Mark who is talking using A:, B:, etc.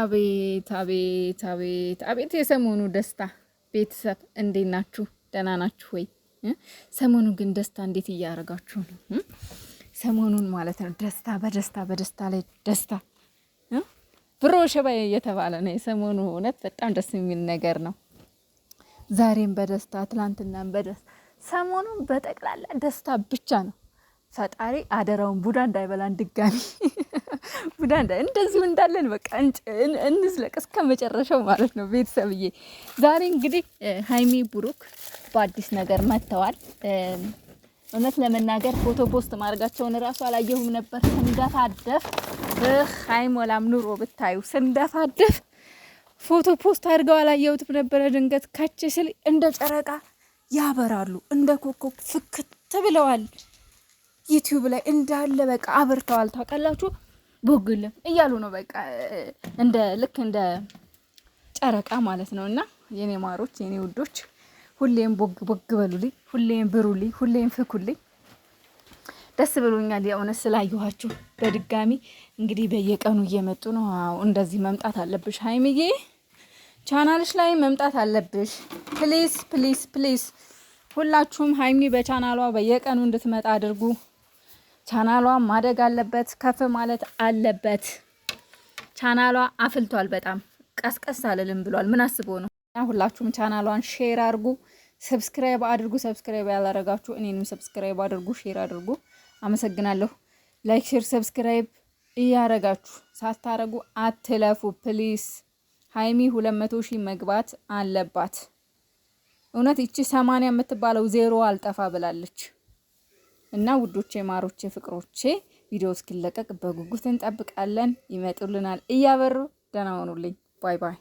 A: አቤት አቤት አቤት አቤት የሰሞኑ ደስታ ቤተሰብ እንዴት ናችሁ? ደህና ናችሁ ወይ? ሰሞኑ ግን ደስታ እንዴት እያደረጋችሁ ነው? ሰሞኑን ማለት ነው ደስታ በደስታ በደስታ ላይ ደስታ ብሮ ሸባ እየተባለ ነው የሰሞኑ። እውነት በጣም ደስ የሚል ነገር ነው። ዛሬም በደስታ ትላንትናም በደስታ ሰሞኑን በጠቅላላ ደስታ ብቻ ነው። ፈጣሪ አደራውን ቡዳ እንዳይበላን ድጋሚ ቡዳንዳ እንደዚሁ እንዳለን በቃ እንዝለቅ እስከ መጨረሻው ማለት ነው። ቤተሰብዬ ዛሬ እንግዲህ ሀይሚ ብሩክ በአዲስ ነገር መጥተዋል። እውነት ለመናገር ፎቶ ፖስት ማድረጋቸውን እራሱ አላየሁም ነበር። ስንደፋደፍ አይሞላም ኑሮ ብታዩ ስንደፋደፍ ፎቶ ፖስት አድርገው አላየሁትም ነበረ። ድንገት ካች ስል እንደ ጨረቃ ያበራሉ፣ እንደ ኮከብ ፍክት ብለዋል። ዩቲዩብ ላይ እንዳለ በቃ አብርተዋል። ታውቃላችሁ ቦግልም እያሉ ነው። በቃ እንደ ልክ እንደ ጨረቃ ማለት ነው። እና የኔ ማሮች፣ የኔ ውዶች ሁሌም ቦግ ቦግ በሉልኝ፣ ሁሌም ብሩልኝ፣ ሁሌም ፍኩልኝ። ደስ ብሎኛል የእውነት ስላየኋችሁ። በድጋሚ እንግዲህ በየቀኑ እየመጡ ነው። አዎ እንደዚህ መምጣት አለብሽ ሀይሚዬ፣ ቻናልሽ ላይ መምጣት አለብሽ። ፕሊስ ፕሊስ ፕሊስ፣ ሁላችሁም ሀይሚ በቻናሏ በየቀኑ እንድትመጣ አድርጉ። ቻናሏ ማደግ አለበት፣ ከፍ ማለት አለበት። ቻናሏ አፍልቷል። በጣም ቀስቀስ አልልም ብሏል። ምን አስቦ ነው? እና ሁላችሁም ቻናሏን ሼር አድርጉ፣ ሰብስክራይብ አድርጉ። ሰብስክራይብ ያላረጋችሁ እኔንም ሰብስክራይብ አድርጉ፣ ሼር አድርጉ። አመሰግናለሁ። ላይክ፣ ሼር፣ ሰብስክራይብ እያረጋችሁ ሳታረጉ አትለፉ ፕሊስ። ሀይሚ ሁለት መቶ ሺህ መግባት አለባት። እውነት ይቺ ሰማንያ የምትባለው ዜሮ አልጠፋ ብላለች። እና ውዶቼ፣ ማሮቼ፣ ፍቅሮቼ ቪዲዮ እስኪለቀቅ በጉጉት እንጠብቃለን። ይመጡልናል እያበሩ። ደህና ሆኑልኝ። ባይ ባይ።